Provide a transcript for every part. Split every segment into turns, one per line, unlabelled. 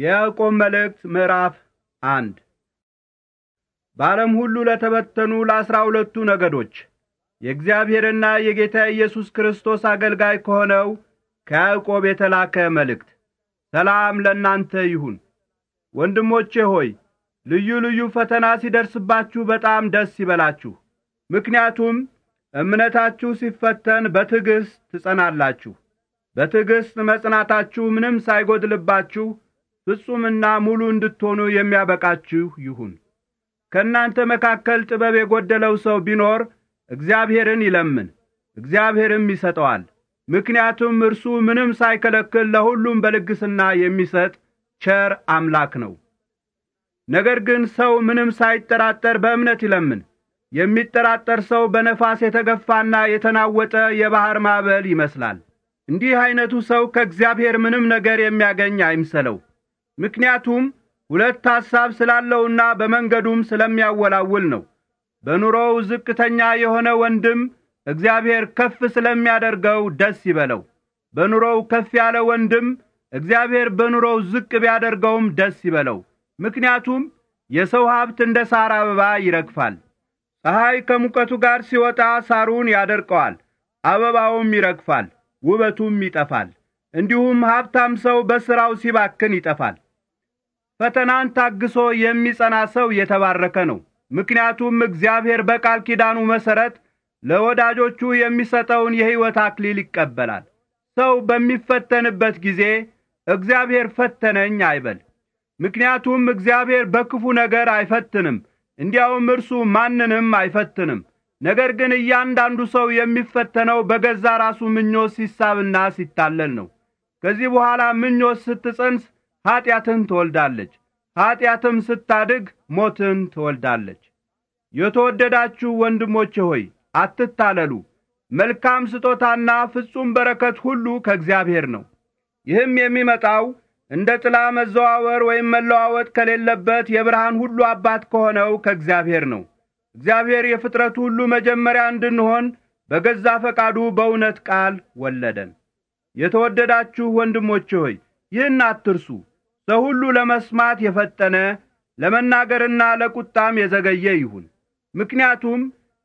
የያዕቆብ መልእክት ምዕራፍ አንድ በዓለም ሁሉ ለተበተኑ ለአስራ ሁለቱ ነገዶች የእግዚአብሔርና የጌታ ኢየሱስ ክርስቶስ አገልጋይ ከሆነው ከያዕቆብ የተላከ መልእክት ሰላም ለእናንተ ይሁን። ወንድሞቼ ሆይ ልዩ ልዩ ፈተና ሲደርስባችሁ በጣም ደስ ይበላችሁ። ምክንያቱም እምነታችሁ ሲፈተን በትዕግሥት ትጸናላችሁ። በትዕግሥት መጽናታችሁ ምንም ሳይጎድልባችሁ ፍጹምና ሙሉ እንድትሆኑ የሚያበቃችሁ ይሁን። ከእናንተ መካከል ጥበብ የጐደለው ሰው ቢኖር እግዚአብሔርን ይለምን፣ እግዚአብሔርም ይሰጠዋል። ምክንያቱም እርሱ ምንም ሳይከለክል ለሁሉም በልግስና የሚሰጥ ቸር አምላክ ነው። ነገር ግን ሰው ምንም ሳይጠራጠር በእምነት ይለምን። የሚጠራጠር ሰው በነፋስ የተገፋና የተናወጠ የባሕር ማዕበል ይመስላል። እንዲህ ዐይነቱ ሰው ከእግዚአብሔር ምንም ነገር የሚያገኝ አይምሰለው። ምክንያቱም ሁለት ሐሳብ ስላለውና በመንገዱም ስለሚያወላውል ነው። በኑሮው ዝቅተኛ የሆነ ወንድም እግዚአብሔር ከፍ ስለሚያደርገው ደስ ይበለው። በኑሮው ከፍ ያለ ወንድም እግዚአብሔር በኑሮው ዝቅ ቢያደርገውም ደስ ይበለው። ምክንያቱም የሰው ሀብት እንደ ሳር አበባ ይረግፋል። ፀሐይ ከሙቀቱ ጋር ሲወጣ ሳሩን ያደርቀዋል፣ አበባውም ይረግፋል፣ ውበቱም ይጠፋል። እንዲሁም ሀብታም ሰው በሥራው ሲባክን ይጠፋል። ፈተናን ታግሶ የሚጸና ሰው የተባረከ ነው። ምክንያቱም እግዚአብሔር በቃል ኪዳኑ መሠረት ለወዳጆቹ የሚሰጠውን የሕይወት አክሊል ይቀበላል። ሰው በሚፈተንበት ጊዜ እግዚአብሔር ፈተነኝ አይበል። ምክንያቱም እግዚአብሔር በክፉ ነገር አይፈትንም፣ እንዲያውም እርሱ ማንንም አይፈትንም። ነገር ግን እያንዳንዱ ሰው የሚፈተነው በገዛ ራሱ ምኞት ሲሳብና ሲታለል ነው። ከዚህ በኋላ ምኞት ስትጸንስ ኀጢአትን ትወልዳለች፣ ኀጢአትም ስታድግ ሞትን ትወልዳለች። የተወደዳችሁ ወንድሞቼ ሆይ አትታለሉ። መልካም ስጦታና ፍጹም በረከት ሁሉ ከእግዚአብሔር ነው። ይህም የሚመጣው እንደ ጥላ መዘዋወር ወይም መለዋወጥ ከሌለበት የብርሃን ሁሉ አባት ከሆነው ከእግዚአብሔር ነው። እግዚአብሔር የፍጥረቱ ሁሉ መጀመሪያ እንድንሆን በገዛ ፈቃዱ በእውነት ቃል ወለደን። የተወደዳችሁ ወንድሞቼ ሆይ ይህን አትርሱ። ሰው ሁሉ ለመስማት የፈጠነ ለመናገርና ለቁጣም የዘገየ ይሁን። ምክንያቱም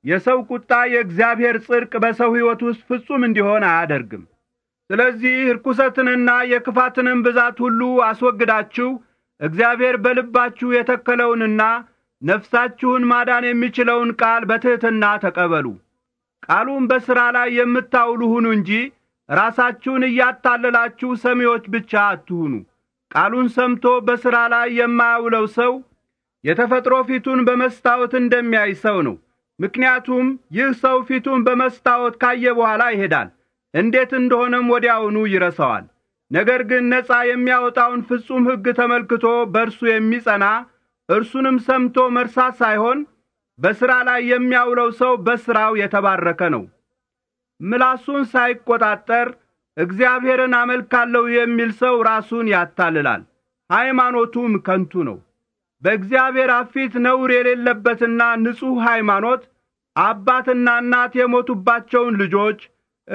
የሰው ቁጣ የእግዚአብሔር ጽድቅ በሰው ሕይወት ውስጥ ፍጹም እንዲሆን አያደርግም። ስለዚህ ርኩሰትንና የክፋትንም ብዛት ሁሉ አስወግዳችሁ እግዚአብሔር በልባችሁ የተከለውንና ነፍሳችሁን ማዳን የሚችለውን ቃል በትሕትና ተቀበሉ። ቃሉን በሥራ ላይ የምታውሉ ሁኑ እንጂ ራሳችሁን እያታለላችሁ ሰሚዎች ብቻ አትሁኑ። ቃሉን ሰምቶ በሥራ ላይ የማያውለው ሰው የተፈጥሮ ፊቱን በመስታወት እንደሚያይ ሰው ነው። ምክንያቱም ይህ ሰው ፊቱን በመስታወት ካየ በኋላ ይሄዳል፣ እንዴት እንደሆነም ወዲያውኑ ይረሳዋል። ነገር ግን ነፃ የሚያወጣውን ፍጹም ሕግ ተመልክቶ በእርሱ የሚጸና እርሱንም ሰምቶ መርሳት ሳይሆን በሥራ ላይ የሚያውለው ሰው በሥራው የተባረከ ነው። ምላሱን ሳይቈጣጠር እግዚአብሔርን አመልካለሁ የሚል ሰው ራሱን ያታልላል፣ ሃይማኖቱም ከንቱ ነው። በእግዚአብሔር አፊት ነውር የሌለበትና ንጹሕ ሃይማኖት አባትና እናት የሞቱባቸውን ልጆች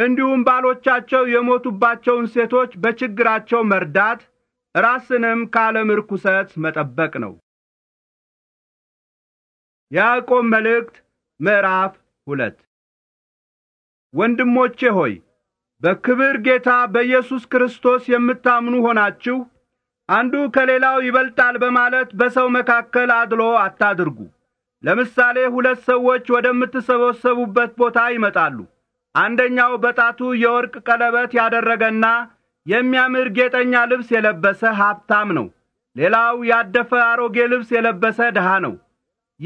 እንዲሁም ባሎቻቸው የሞቱባቸውን ሴቶች በችግራቸው መርዳት ራስንም ከዓለም ርኩሰት መጠበቅ ነው። ያዕቆብ መልእክት ምዕራፍ ሁለት ወንድሞቼ ሆይ በክብር ጌታ በኢየሱስ ክርስቶስ የምታምኑ ሆናችሁ አንዱ ከሌላው ይበልጣል በማለት በሰው መካከል አድሎ አታድርጉ። ለምሳሌ ሁለት ሰዎች ወደምትሰበሰቡበት ቦታ ይመጣሉ። አንደኛው በጣቱ የወርቅ ቀለበት ያደረገና የሚያምር ጌጠኛ ልብስ የለበሰ ሀብታም ነው። ሌላው ያደፈ አሮጌ ልብስ የለበሰ ድሃ ነው።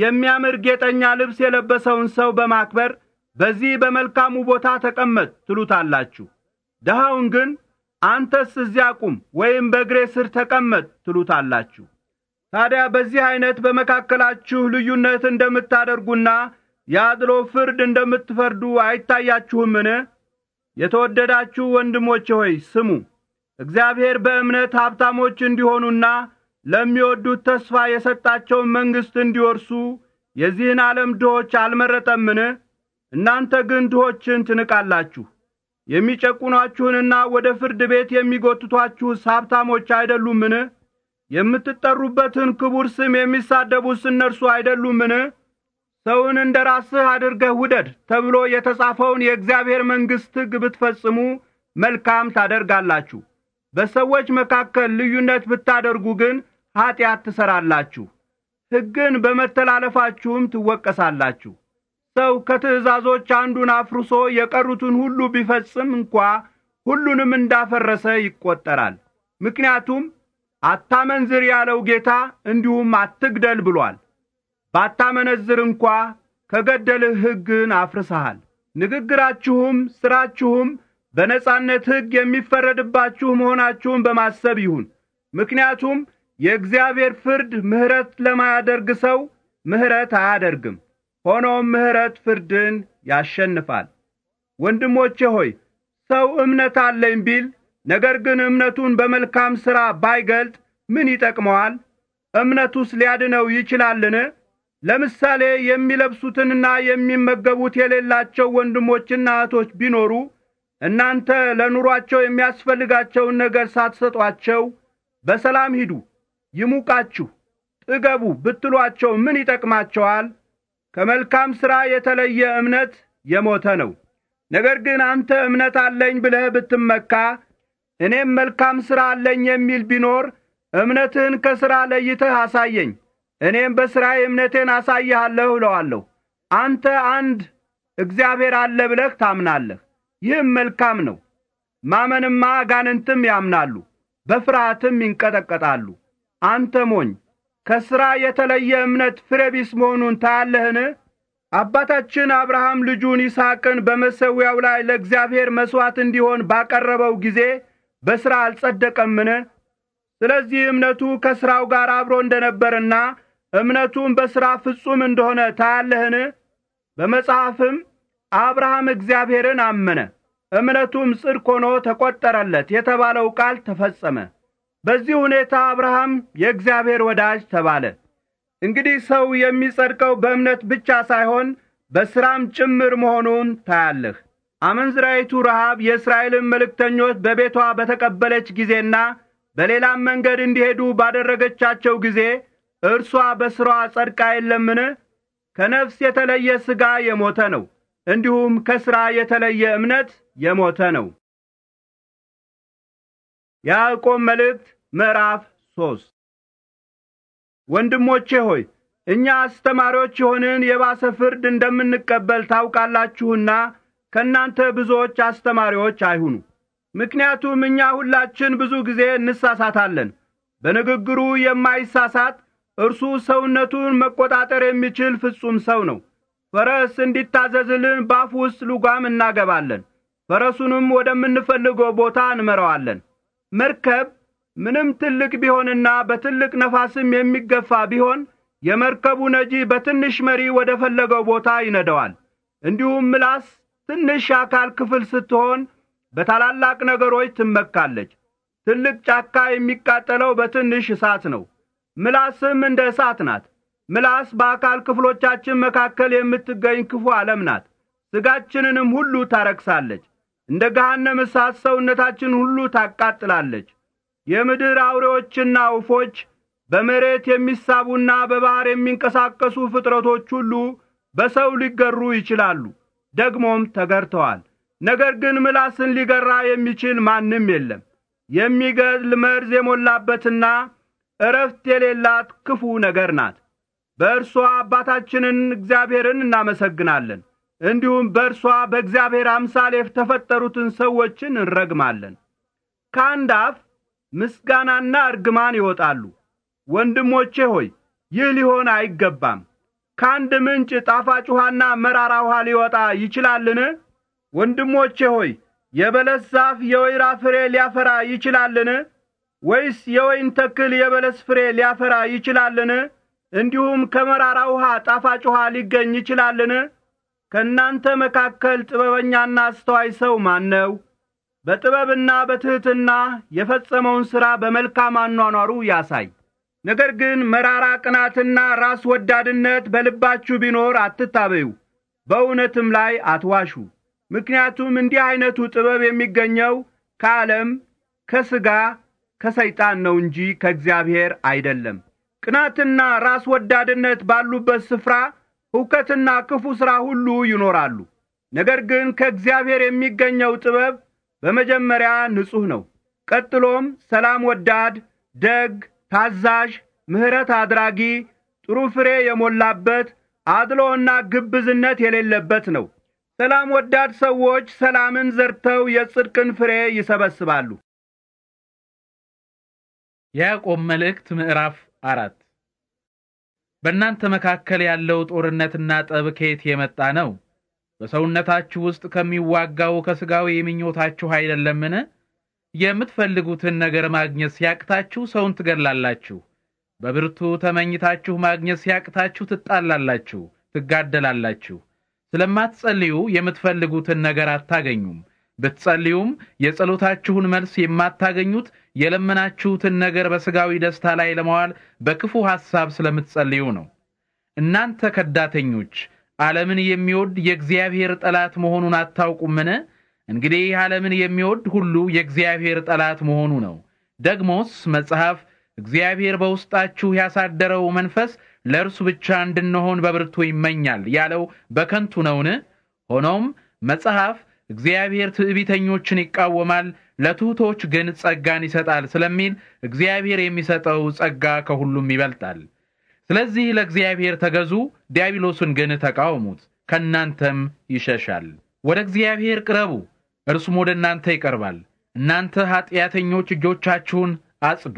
የሚያምር ጌጠኛ ልብስ የለበሰውን ሰው በማክበር በዚህ በመልካሙ ቦታ ተቀመጥ ትሉታላችሁ። ድኻውን ግን አንተስ እዚያ ቁም ወይም በእግሬ ስር ተቀመጥ ትሉታላችሁ። ታዲያ በዚህ ዐይነት በመካከላችሁ ልዩነት እንደምታደርጉና የአድሎ ፍርድ እንደምትፈርዱ አይታያችሁምን? የተወደዳችሁ ወንድሞቼ ሆይ ስሙ። እግዚአብሔር በእምነት ሀብታሞች እንዲሆኑና ለሚወዱት ተስፋ የሰጣቸውን መንግሥት እንዲወርሱ የዚህን ዓለም ድሆች አልመረጠምን? እናንተ ግን ድሆችን ትንቃላችሁ። የሚጨቁኗችሁንና ወደ ፍርድ ቤት የሚጎትቷችሁስ ሀብታሞች አይደሉምን? የምትጠሩበትን ክቡር ስም የሚሳደቡስ እነርሱ አይደሉምን? ሰውን እንደ ራስህ አድርገህ ውደድ ተብሎ የተጻፈውን የእግዚአብሔር መንግሥት ሕግ ብትፈጽሙ መልካም ታደርጋላችሁ። በሰዎች መካከል ልዩነት ብታደርጉ ግን ኀጢአት ትሠራላችሁ፣ ሕግን በመተላለፋችሁም ትወቀሳላችሁ። ሰው ከትእዛዞች አንዱን አፍርሶ የቀሩትን ሁሉ ቢፈጽም እንኳ ሁሉንም እንዳፈረሰ ይቈጠራል። ምክንያቱም አታመንዝር ያለው ጌታ እንዲሁም አትግደል ብሏል። ባታመነዝር እንኳ ከገደልህ ሕግን አፍርሰሃል። ንግግራችሁም ሥራችሁም በነጻነት ሕግ የሚፈረድባችሁ መሆናችሁን በማሰብ ይሁን። ምክንያቱም የእግዚአብሔር ፍርድ ምሕረት ለማያደርግ ሰው ምሕረት አያደርግም። ሆኖም ምሕረት ፍርድን ያሸንፋል። ወንድሞቼ ሆይ ሰው እምነት አለኝ ቢል ነገር ግን እምነቱን በመልካም ሥራ ባይገልጥ ምን ይጠቅመዋል? እምነቱስ ሊያድነው ይችላልን? ለምሳሌ የሚለብሱትንና የሚመገቡት የሌላቸው ወንድሞችና እህቶች ቢኖሩ እናንተ ለኑሯቸው የሚያስፈልጋቸውን ነገር ሳትሰጧቸው በሰላም ሂዱ፣ ይሙቃችሁ፣ ጥገቡ ብትሏቸው ምን ይጠቅማቸዋል? ከመልካም ሥራ የተለየ እምነት የሞተ ነው። ነገር ግን አንተ እምነት አለኝ ብለህ ብትመካ እኔም መልካም ሥራ አለኝ የሚል ቢኖር እምነትህን ከሥራ ለይተህ አሳየኝ፣ እኔም በሥራዬ እምነቴን አሳይሃለሁ እለዋለሁ። አንተ አንድ እግዚአብሔር አለ ብለህ ታምናለህ። ይህም መልካም ነው። ማመንማ አጋንንትም ያምናሉ፣ በፍርሃትም ይንቀጠቀጣሉ። አንተ ሞኝ ከሥራ የተለየ እምነት ፍሬ ቢስ መሆኑን ታያለህን? አባታችን አብርሃም ልጁን ይስሐቅን በመሠዊያው ላይ ለእግዚአብሔር መሥዋዕት እንዲሆን ባቀረበው ጊዜ በሥራ አልጸደቀምን? ስለዚህ እምነቱ ከሥራው ጋር አብሮ እንደ ነበርና እምነቱም በሥራ ፍጹም እንደሆነ ታያለህን? በመጽሐፍም አብርሃም እግዚአብሔርን አመነ፣ እምነቱም ጽድቅ ሆኖ ተቈጠረለት የተባለው ቃል ተፈጸመ። በዚህ ሁኔታ አብርሃም የእግዚአብሔር ወዳጅ ተባለ። እንግዲህ ሰው የሚጸድቀው በእምነት ብቻ ሳይሆን በሥራም ጭምር መሆኑን ታያለህ። አመንዝራይቱ ረሃብ የእስራኤልን መልእክተኞች በቤቷ በተቀበለች ጊዜና በሌላም መንገድ እንዲሄዱ ባደረገቻቸው ጊዜ እርሷ በሥራዋ ጸድቃ የለምን? ከነፍስ የተለየ ሥጋ የሞተ ነው፣ እንዲሁም ከሥራ የተለየ እምነት የሞተ ነው። ያዕቆብ መልእክት ምዕራፍ ሶስት ወንድሞቼ ሆይ እኛ አስተማሪዎች የሆንን የባሰ ፍርድ እንደምንቀበል ታውቃላችሁና ከእናንተ ብዙዎች አስተማሪዎች አይሁኑ። ምክንያቱም እኛ ሁላችን ብዙ ጊዜ እንሳሳታለን። በንግግሩ የማይሳሳት እርሱ ሰውነቱን መቆጣጠር የሚችል ፍጹም ሰው ነው። ፈረስ እንዲታዘዝልን ባፍ ውስጥ ልጓም እናገባለን፣ ፈረሱንም ወደምንፈልገው ቦታ እንመራዋለን። መርከብ ምንም ትልቅ ቢሆንና በትልቅ ነፋስም የሚገፋ ቢሆን የመርከቡ ነጂ በትንሽ መሪ ወደ ፈለገው ቦታ ይነደዋል። እንዲሁም ምላስ ትንሽ አካል ክፍል ስትሆን በታላላቅ ነገሮች ትመካለች። ትልቅ ጫካ የሚቃጠለው በትንሽ እሳት ነው። ምላስም እንደ እሳት ናት። ምላስ በአካል ክፍሎቻችን መካከል የምትገኝ ክፉ ዓለም ናት። ሥጋችንንም ሁሉ ታረክሳለች። እንደ ገሃነም እሳት ሰውነታችን ሁሉ ታቃጥላለች። የምድር አውሬዎችና ውፎች፣ በመሬት የሚሳቡና በባሕር የሚንቀሳቀሱ ፍጥረቶች ሁሉ በሰው ሊገሩ ይችላሉ፣ ደግሞም ተገርተዋል። ነገር ግን ምላስን ሊገራ የሚችል ማንም የለም። የሚገድል መርዝ የሞላበትና እረፍት የሌላት ክፉ ነገር ናት። በእርሷ አባታችንን እግዚአብሔርን እናመሰግናለን። እንዲሁም በእርሷ በእግዚአብሔር አምሳል የተፈጠሩትን ሰዎችን እንረግማለን። ከአንድ አፍ ምስጋናና እርግማን ይወጣሉ። ወንድሞቼ ሆይ ይህ ሊሆን አይገባም። ከአንድ ምንጭ ጣፋጭ ውሃና መራራ ውሃ ሊወጣ ይችላልን? ወንድሞቼ ሆይ የበለስ ዛፍ የወይራ ፍሬ ሊያፈራ ይችላልን? ወይስ የወይን ተክል የበለስ ፍሬ ሊያፈራ ይችላልን? እንዲሁም ከመራራ ውሃ ጣፋጭ ውሃ ሊገኝ ይችላልን? ከእናንተ መካከል ጥበበኛና አስተዋይ ሰው ማን ነው? በጥበብና በትሕትና የፈጸመውን ሥራ በመልካም አኗኗሩ ያሳይ። ነገር ግን መራራ ቅናትና ራስ ወዳድነት በልባችሁ ቢኖር አትታበዩ፣ በእውነትም ላይ አትዋሹ። ምክንያቱም እንዲህ ዐይነቱ ጥበብ የሚገኘው ከዓለም፣ ከሥጋ፣ ከሰይጣን ነው እንጂ ከእግዚአብሔር አይደለም። ቅናትና ራስ ወዳድነት ባሉበት ስፍራ ሁከትና ክፉ ሥራ ሁሉ ይኖራሉ። ነገር ግን ከእግዚአብሔር የሚገኘው ጥበብ በመጀመሪያ ንጹሕ ነው። ቀጥሎም ሰላም ወዳድ፣ ደግ፣ ታዛዥ፣ ምሕረት አድራጊ፣ ጥሩ ፍሬ የሞላበት፣ አድሎና ግብዝነት የሌለበት ነው። ሰላም ወዳድ ሰዎች ሰላምን ዘርተው የጽድቅን ፍሬ ይሰበስባሉ። ያዕቆብ
መልእክት ምዕራፍ አራት በእናንተ መካከል ያለው ጦርነትና ጠብ ከየት የመጣ ነው? በሰውነታችሁ ውስጥ ከሚዋጋው ከስጋው የምኞታችሁ አይደለምን? የምትፈልጉትን ነገር ማግኘት ሲያቅታችሁ ሰውን ትገድላላችሁ። በብርቱ ተመኝታችሁ ማግኘት ሲያቅታችሁ ትጣላላችሁ፣ ትጋደላላችሁ። ስለማትጸልዩ የምትፈልጉትን ነገር አታገኙም። ብትጸልዩም የጸሎታችሁን መልስ የማታገኙት የለመናችሁትን ነገር በሥጋዊ ደስታ ላይ ለመዋል በክፉ ሐሳብ ስለምትጸልዩ ነው። እናንተ ከዳተኞች፣ ዓለምን የሚወድ የእግዚአብሔር ጠላት መሆኑን አታውቁምን? እንግዲህ ዓለምን የሚወድ ሁሉ የእግዚአብሔር ጠላት መሆኑ ነው። ደግሞስ መጽሐፍ እግዚአብሔር በውስጣችሁ ያሳደረው መንፈስ ለእርሱ ብቻ እንድንሆን በብርቱ ይመኛል ያለው በከንቱ ነውን? ሆኖም መጽሐፍ እግዚአብሔር ትዕቢተኞችን ይቃወማል፣ ለትሑቶች ግን ጸጋን ይሰጣል ስለሚል እግዚአብሔር የሚሰጠው ጸጋ ከሁሉም ይበልጣል። ስለዚህ ለእግዚአብሔር ተገዙ፣ ዲያብሎስን ግን ተቃወሙት፣ ከእናንተም ይሸሻል። ወደ እግዚአብሔር ቅረቡ፣ እርሱም ወደ እናንተ ይቀርባል። እናንተ ኀጢአተኞች እጆቻችሁን አጽዱ፣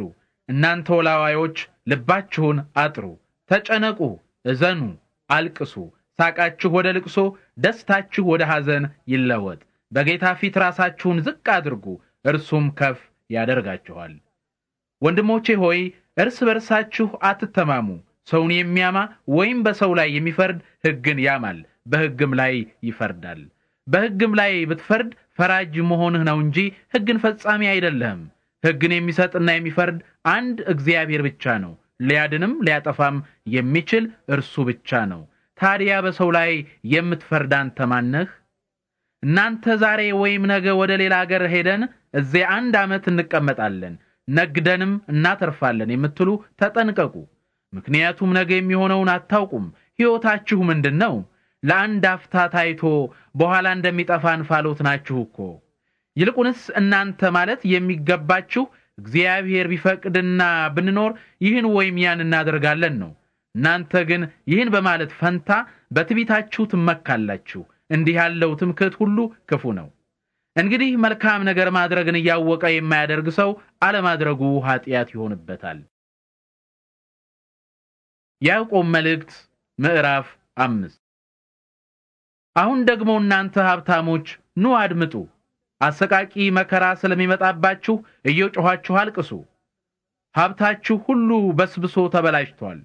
እናንተ ወላዋዮች ልባችሁን አጥሩ። ተጨነቁ፣ እዘኑ፣ አልቅሱ። ሳቃችሁ ወደ ልቅሶ፣ ደስታችሁ ወደ ሐዘን ይለወጥ። በጌታ ፊት ራሳችሁን ዝቅ አድርጉ፣ እርሱም ከፍ ያደርጋችኋል። ወንድሞቼ ሆይ እርስ በርሳችሁ አትተማሙ። ሰውን የሚያማ ወይም በሰው ላይ የሚፈርድ ሕግን ያማል፣ በሕግም ላይ ይፈርዳል። በሕግም ላይ ብትፈርድ ፈራጅ መሆንህ ነው እንጂ ሕግን ፈጻሚ አይደለህም። ሕግን የሚሰጥና የሚፈርድ አንድ እግዚአብሔር ብቻ ነው። ሊያድንም ሊያጠፋም የሚችል እርሱ ብቻ ነው። ታዲያ በሰው ላይ የምትፈርድ አንተ ማነህ? እናንተ ዛሬ ወይም ነገ ወደ ሌላ አገር ሄደን እዚያ አንድ ዓመት እንቀመጣለን፣ ነግደንም እናተርፋለን የምትሉ ተጠንቀቁ። ምክንያቱም ነገ የሚሆነውን አታውቁም። ሕይወታችሁ ምንድን ነው? ለአንድ አፍታ ታይቶ በኋላ እንደሚጠፋ እንፋሎት ናችሁ እኮ። ይልቁንስ እናንተ ማለት የሚገባችሁ እግዚአብሔር ቢፈቅድና ብንኖር ይህን ወይም ያን እናደርጋለን ነው። እናንተ ግን ይህን በማለት ፈንታ በትቢታችሁ ትመካላችሁ። እንዲህ ያለው ትምክህት ሁሉ ክፉ ነው። እንግዲህ መልካም ነገር ማድረግን እያወቀ የማያደርግ ሰው አለማድረጉ ኃጢአት ይሆንበታል። ያዕቆብ መልእክት ምዕራፍ አምስት አሁን ደግሞ እናንተ ሀብታሞች ኑ አድምጡ፣ አሰቃቂ መከራ ስለሚመጣባችሁ እየጮኋችሁ አልቅሱ። ሀብታችሁ ሁሉ በስብሶ ተበላሽቷል።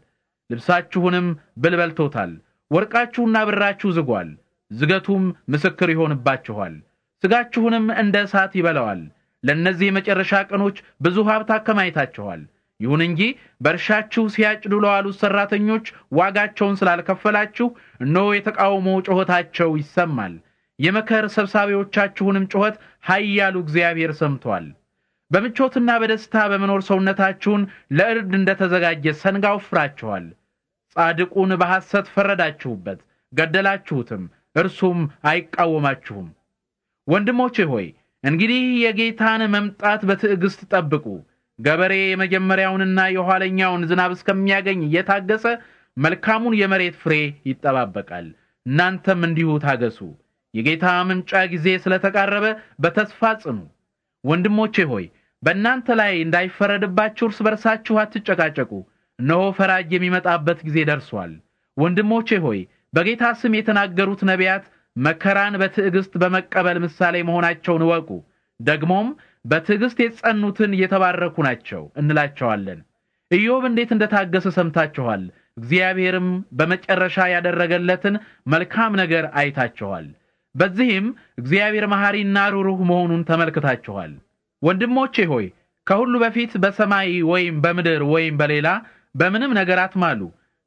ልብሳችሁንም ብልበልቶታል። ወርቃችሁና ብራችሁ ዝጓል፣ ዝገቱም ምስክር ይሆንባችኋል። ሥጋችሁንም እንደ እሳት ይበላዋል። ለእነዚህ የመጨረሻ ቀኖች ብዙ ሀብት አከማይታችኋል። ይሁን እንጂ በእርሻችሁ ሲያጭዱ ለዋሉት ሠራተኞች ዋጋቸውን ስላልከፈላችሁ እነሆ የተቃውሞ ጩኸታቸው ይሰማል። የመከር ሰብሳቢዎቻችሁንም ጩኸት ኃያሉ እግዚአብሔር ሰምቷል። በምቾትና በደስታ በመኖር ሰውነታችሁን ለእርድ እንደተዘጋጀ ሰንጋ ወፍራችኋል። ጻድቁን በሐሰት ፈረዳችሁበት፣ ገደላችሁትም፣ እርሱም አይቃወማችሁም። ወንድሞቼ ሆይ እንግዲህ የጌታን መምጣት በትዕግስት ጠብቁ። ገበሬ የመጀመሪያውንና የኋለኛውን ዝናብ እስከሚያገኝ እየታገሰ መልካሙን የመሬት ፍሬ ይጠባበቃል። እናንተም እንዲሁ ታገሱ። የጌታ መምጫ ጊዜ ስለተቃረበ በተስፋ ጽኑ። ወንድሞቼ ሆይ በእናንተ ላይ እንዳይፈረድባችሁ እርስ በርሳችሁ አትጨቃጨቁ። እነሆ ፈራጅ የሚመጣበት ጊዜ ደርሷል። ወንድሞቼ ሆይ በጌታ ስም የተናገሩት ነቢያት መከራን በትዕግስት በመቀበል ምሳሌ መሆናቸውን እወቁ። ደግሞም በትዕግስት የጸኑትን የተባረኩ ናቸው እንላቸዋለን። ኢዮብ እንዴት እንደታገሰ ሰምታችኋል። እግዚአብሔርም በመጨረሻ ያደረገለትን መልካም ነገር አይታችኋል። በዚህም እግዚአብሔር መሐሪና ሩሩህ መሆኑን ተመልክታችኋል። ወንድሞቼ ሆይ ከሁሉ በፊት በሰማይ ወይም በምድር ወይም በሌላ በምንም ነገር አትማሉ።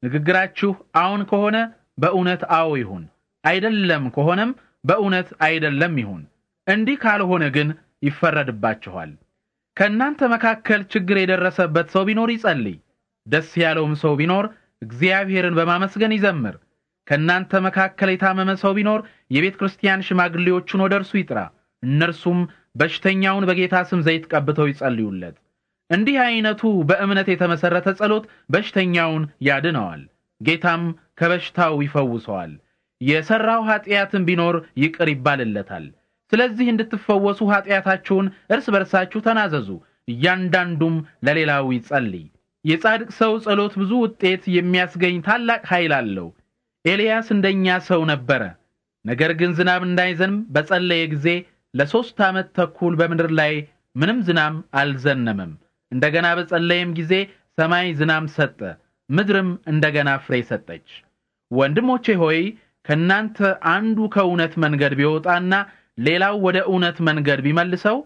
ንግግራችሁ አዎን ከሆነ በእውነት አዎ ይሁን፣ አይደለም ከሆነም በእውነት አይደለም ይሁን። እንዲህ ካልሆነ ግን ይፈረድባችኋል። ከእናንተ መካከል ችግር የደረሰበት ሰው ቢኖር ይጸልይ። ደስ ያለውም ሰው ቢኖር እግዚአብሔርን በማመስገን ይዘምር። ከእናንተ መካከል የታመመ ሰው ቢኖር የቤተ ክርስቲያን ሽማግሌዎቹን ወደ እርሱ ይጥራ። እነርሱም በሽተኛውን በጌታ ስም ዘይት ቀብተው ይጸልዩለት። እንዲህ አይነቱ በእምነት የተመሰረተ ጸሎት በሽተኛውን ያድነዋል፣ ጌታም ከበሽታው ይፈውሰዋል። የሰራው ኃጢአትን ቢኖር ይቅር ይባልለታል። ስለዚህ እንድትፈወሱ ኃጢአታችሁን እርስ በርሳችሁ ተናዘዙ፣ እያንዳንዱም ለሌላው ይጸልይ። የጻድቅ ሰው ጸሎት ብዙ ውጤት የሚያስገኝ ታላቅ ኃይል አለው። ኤልያስ እንደኛ ሰው ነበረ። ነገር ግን ዝናብ እንዳይዘንም በጸለየ ጊዜ ለሦስት ዓመት ተኩል በምድር ላይ ምንም ዝናብ አልዘነመም። እንደገና በጸለየም ጊዜ ሰማይ ዝናም ሰጠ፣ ምድርም እንደገና ፍሬ ሰጠች። ወንድሞቼ ሆይ ከናንተ አንዱ ከእውነት መንገድ ቢወጣና ሌላው ወደ እውነት መንገድ ቢመልሰው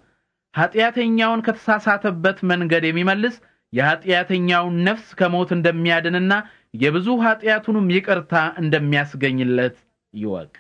ኃጢአተኛውን ከተሳሳተበት መንገድ የሚመልስ የኃጢአተኛውን ነፍስ ከሞት እንደሚያድንና የብዙ ኃጢአቱንም ይቅርታ እንደሚያስገኝለት
ይወቅ።